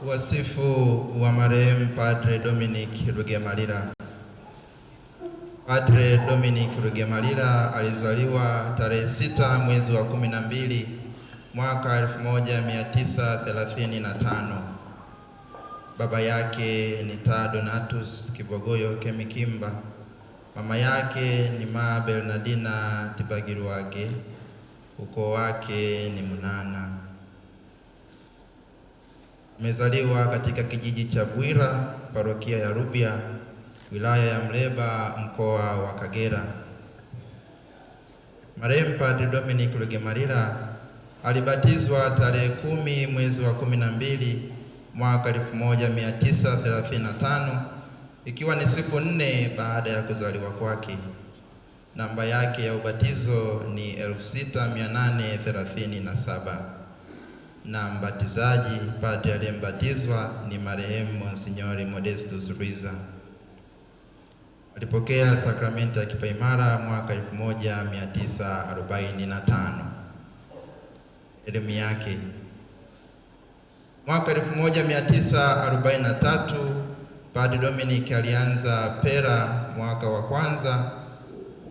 Wasifu wa marehemu Padre Dominic Rugemalira. Padre Dominic Rugemalira alizaliwa tarehe sita mwezi wa 12 mwaka 1935. Baba yake ni Ta Donatus Kibogoyo Kemikimba, mama yake ni Ma Bernardina Tibagiruage, ukoo wake ni mnana mezaliwa katika kijiji cha Bwira, parokia ya Rubya, wilaya ya Mleba, mkoa wa Kagera. Marehemu Padre Dominic Lugemalira alibatizwa tarehe kumi mwezi wa kumi na mbili mwaka 1935 ikiwa ni siku nne baada ya kuzaliwa kwake. Namba yake ya ubatizo ni 6837 na mbatizaji padri aliyembatizwa ni marehemu Monsinyori Modestus Rwiza. Alipokea sakramenti ya kipaimara mwaka 1945. Elimu yake mwaka 1943 Padre Dominic alianza Pera mwaka wa kwanza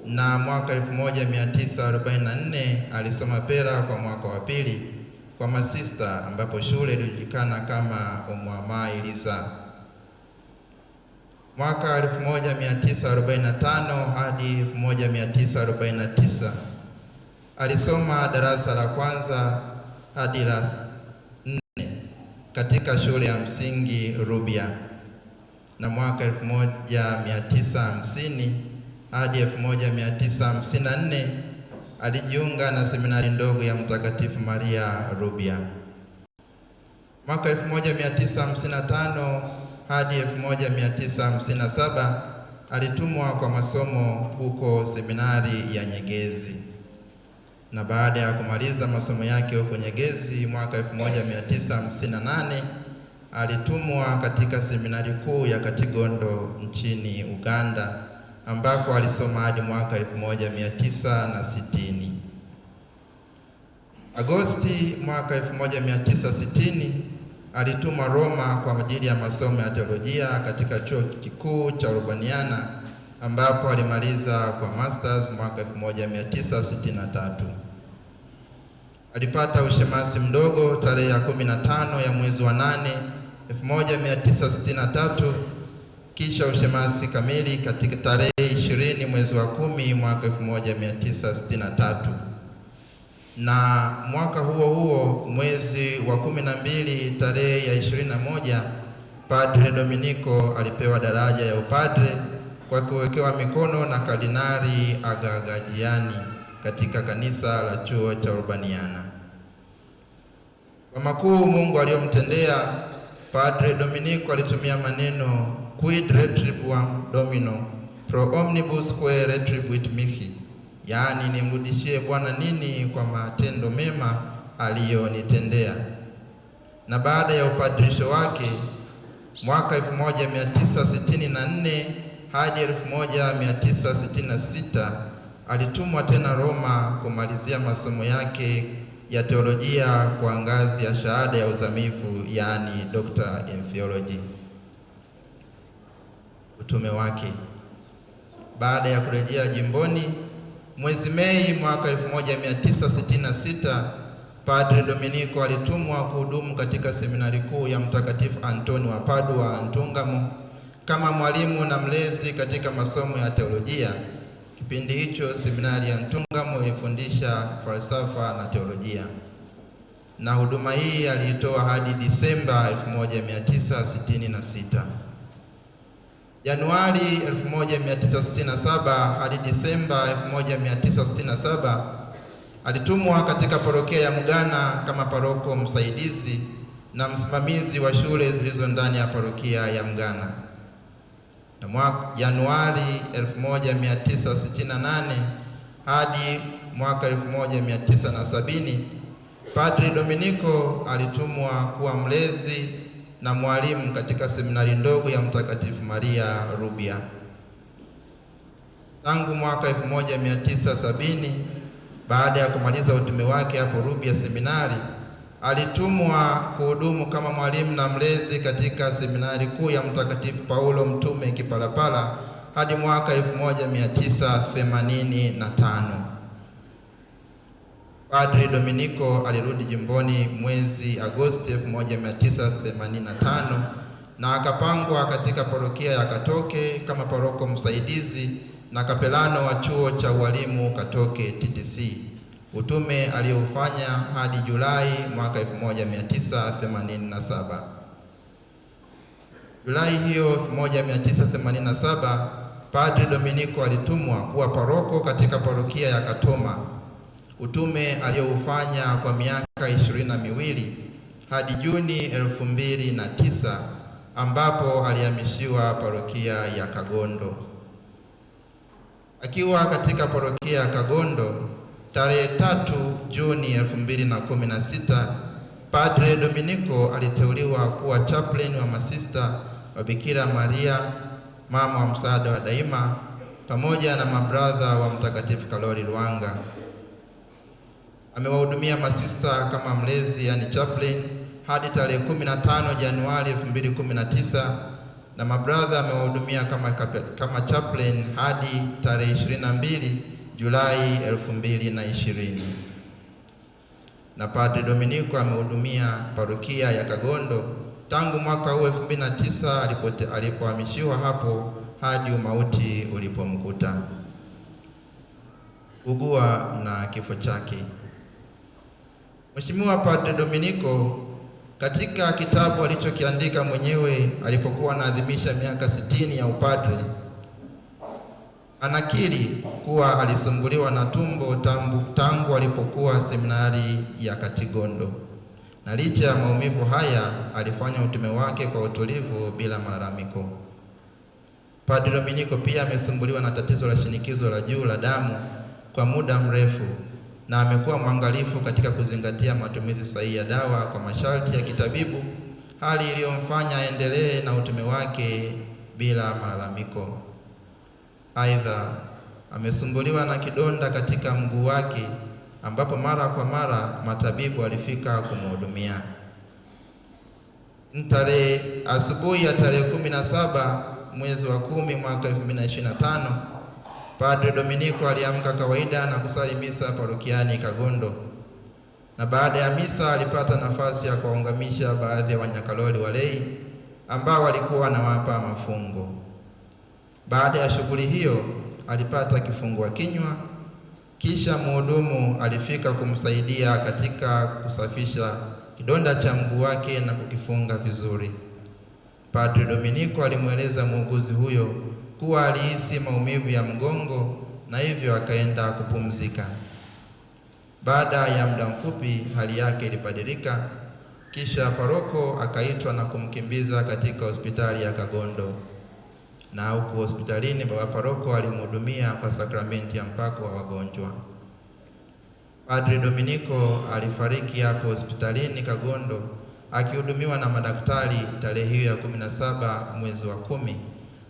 na mwaka 1944 alisoma Pera kwa mwaka wa pili kwa masista, ambapo shule ilijulikana kama Omwamai Liza. Mwaka 1945 hadi 1949 alisoma darasa la kwanza hadi la nne katika shule ya msingi Rubya na mwaka 1950 hadi 1954 alijiunga na seminari ndogo ya Mtakatifu Maria Rubya. Mwaka 1955 hadi 1957 alitumwa kwa masomo huko seminari ya Nyegezi, na baada ya kumaliza masomo yake huko Nyegezi mwaka 1958 alitumwa katika seminari kuu ya Katigondo nchini Uganda ambako alisoma hadi mwaka 1960. Agosti mwaka 1960 alitumwa Roma kwa ajili ya masomo ya teolojia katika chuo kikuu cha Urbaniana ambapo alimaliza kwa masters mwaka 1963. Alipata ushemasi mdogo tarehe ya 15 ya mwezi wa 8 1963, kisha ushemasi kamili katika tarehe mwezi wa kumi mwaka 1963 na mwaka huo huo mwezi wa kumi na mbili tarehe ya ishirini na moja Padre Dominico alipewa daraja ya upadre kwa kuwekewa mikono na Kardinali Agagajiani katika kanisa la chuo cha Urbaniana. Kwa makuu Mungu aliyomtendea Padre Dominico alitumia maneno Quid retribuam Domino pro omnibus quae retribuit mihi, yaani nimrudishie Bwana nini kwa matendo mema aliyonitendea. Na baada ya upadirisho wake mwaka 1964 hadi 1966 alitumwa tena Roma kumalizia masomo yake ya teolojia kwa ngazi ya shahada ya uzamivu yaani Doctor in Theology. Utume wake baada ya kurejea jimboni mwezi Mei mwaka 1966 Padre dominico alitumwa kuhudumu katika seminari kuu ya Mtakatifu Antoni wa Padua Ntungamo kama mwalimu na mlezi katika masomo ya teolojia. Kipindi hicho seminari ya Ntungamo ilifundisha falsafa na teolojia, na huduma hii aliitoa hadi Disemba 1966. Januari 1967 hadi Disemba 1967 alitumwa katika parokia ya mgana kama paroko msaidizi na msimamizi wa shule zilizo ndani ya parokia ya mwaka Januari 1968 hadi mwaka 1970 Padri Dominico alitumwa kuwa mlezi na mwalimu katika seminari ndogo ya Mtakatifu Maria Rubya. Tangu mwaka 1970 baada ya kumaliza utume wake hapo Rubya seminari, alitumwa kuhudumu kama mwalimu na mlezi katika seminari kuu ya Mtakatifu Paulo Mtume Kipalapala hadi mwaka 1985. Padri Dominico alirudi jimboni mwezi Agosti 1985 na akapangwa katika parokia ya Katoke kama paroko msaidizi na kapelano wa chuo cha ualimu Katoke TTC, utume aliyoufanya hadi Julai mwaka 1987. Julai hiyo 1987 Padri Dominico alitumwa kuwa paroko katika parokia ya Katoma utume aliyoufanya kwa miaka ishirini na miwili hadi Juni elfu mbili na tisa ambapo alihamishiwa parokia ya Kagondo. Akiwa katika parokia ya Kagondo tarehe tatu Juni elfu mbili na kumi na sita Padre Dominico aliteuliwa kuwa chaplain wa masista wa Bikira Maria mama wa msaada wa daima pamoja na mabradha wa Mtakatifu Kalori Lwanga amewahudumia masista kama mlezi, yani chaplain hadi tarehe 15 Januari 2019 na mabradha amewahudumia kama, kama chaplain hadi tarehe 22 Julai 2020 na Padre Dominico amehudumia parokia ya Kagondo tangu mwaka huu 2009 alipohamishiwa hapo hadi umauti ulipomkuta ugua na kifo chake. Mheshimiwa Padre Dominico katika kitabu alichokiandika mwenyewe alipokuwa anaadhimisha miaka sitini ya upadre anakiri kuwa alisumbuliwa na tumbo tangu, tangu alipokuwa seminari ya Katigondo, na licha ya maumivu haya alifanya utume wake kwa utulivu bila malalamiko. Padre Dominico pia amesumbuliwa na tatizo la shinikizo la juu la damu kwa muda mrefu na amekuwa mwangalifu katika kuzingatia matumizi sahihi ya dawa kwa masharti ya kitabibu, hali iliyomfanya aendelee na utume wake bila malalamiko. Aidha, amesumbuliwa na kidonda katika mguu wake ambapo mara kwa mara matabibu walifika kumhudumia. Tarehe asubuhi ya tarehe kumi na saba mwezi wa kumi mwaka 2025 Padre Dominiko aliamka kawaida na kusali misa parokiani Kagondo, na baada ya misa alipata nafasi ya kuwaungamisha baadhi ya wanyakaloli walei ambao walikuwa wanawapa mafungo. Baada ya shughuli hiyo alipata kifungua kinywa, kisha mhudumu alifika kumsaidia katika kusafisha kidonda cha mguu wake na kukifunga vizuri. Padre Dominiko alimweleza muuguzi huyo kuwa alihisi maumivu ya mgongo na hivyo akaenda kupumzika. Baada ya muda mfupi hali yake ilibadilika, kisha paroko akaitwa na kumkimbiza katika hospitali ya Kagondo, na huko hospitalini baba paroko alimhudumia kwa sakramenti ya mpako wa wagonjwa. Padre Dominiko alifariki hapo hospitalini Kagondo akihudumiwa na madaktari tarehe hiyo ya 17 mwezi wa kumi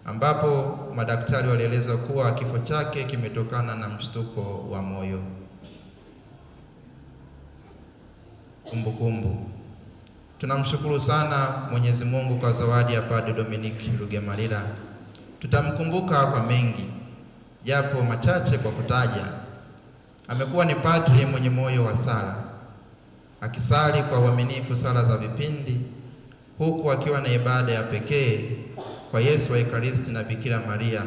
ambapo madaktari walieleza kuwa kifo chake kimetokana na mshtuko wa moyo. Kumbukumbu. Tunamshukuru sana Mwenyezi Mungu kwa zawadi ya Padre Dominic Lugemalira. Tutamkumbuka kwa mengi, japo machache kwa kutaja. Amekuwa ni padri mwenye moyo wa sala, akisali kwa uaminifu sala za vipindi, huku akiwa na ibada ya pekee kwa Yesu wa Ekaristi na Bikira Maria,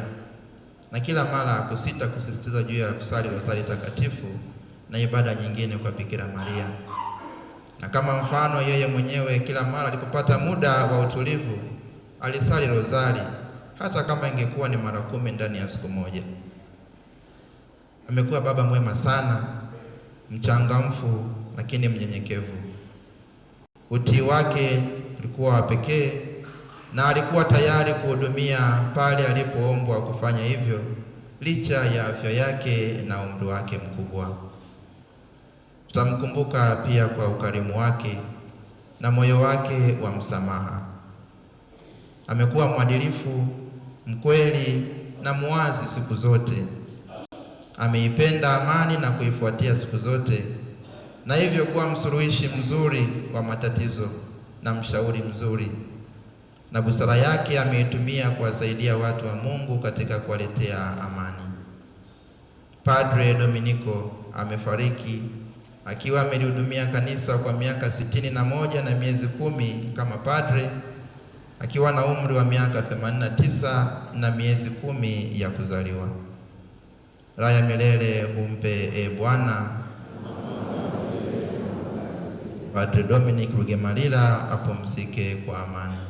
na kila mara kusita kusisitiza juu ya kusali rozari takatifu na ibada nyingine kwa Bikira Maria. Na kama mfano, yeye mwenyewe kila mara alipopata muda wa utulivu alisali rozari, hata kama ingekuwa ni mara kumi ndani ya siku moja. Amekuwa baba mwema sana, mchangamfu lakini mnyenyekevu. Utii wake ulikuwa wa pekee na alikuwa tayari kuhudumia pale alipoombwa kufanya hivyo licha ya afya yake na umri wake mkubwa. Tutamkumbuka pia kwa ukarimu wake na moyo wake wa msamaha. Amekuwa mwadilifu, mkweli na muwazi siku zote. Ameipenda amani na kuifuatia siku zote, na hivyo kuwa msuluhishi mzuri wa matatizo na mshauri mzuri na busara yake ameitumia kuwasaidia watu wa Mungu katika kuwaletea amani. Padre Dominico amefariki akiwa amelihudumia kanisa kwa miaka sitini na moja na miezi kumi kama padre akiwa na umri wa miaka 89 na miezi kumi ya kuzaliwa. Raya milele humpe e Bwana. Padre Dominic Rugemalira apumzike kwa amani.